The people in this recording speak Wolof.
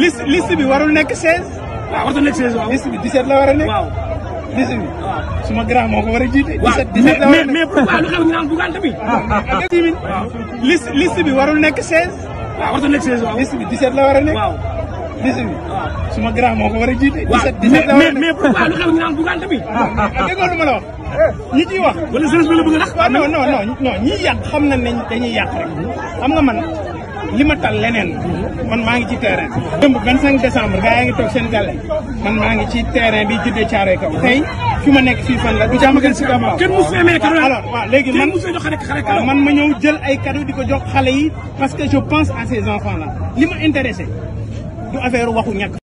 liste liste bi warul nekk 16. waaw ah, warul nekk 16 waaw liste bi 17 la war a nekk. waaw liste bi. waaw suma grand moo ko war a jiite. 17 17 la war a nekk mais mais pourquoi lu xew ñu naan Bougane tamit. waaw liste liste bi warul nekk 16. waaw ah, warul nekk 16 waaw liste bi 17 la war a nekk. waaw liste bi. waaw suma grand moo ko war a jiite. 17 17 la war a nekk mais mais pourquoi lu xew ñu naan Bougane tamit. Ah, déggoo lu ma la wax. ñi ciy wax. wala service bi la bëgg a. waaw non non non ñi yàq xam nañ ne dañuy yàq rek xam nga man. li ma tal leneen man maa ngi ci terrain démb 25 décembre gaa yaa ngi toog seen gàlle man maa ngi ci terrain bi juddee caaroy kaw tey fi ma nekk fii fan la du jaamagan si gàmbaaw kenn mu amee cadeau alors waaw léegi man man ma ñëw jël ay cadeau di ko jox xale yi parce que je pense à ces enfants là li ma intéressé du affaire waxu ñàkk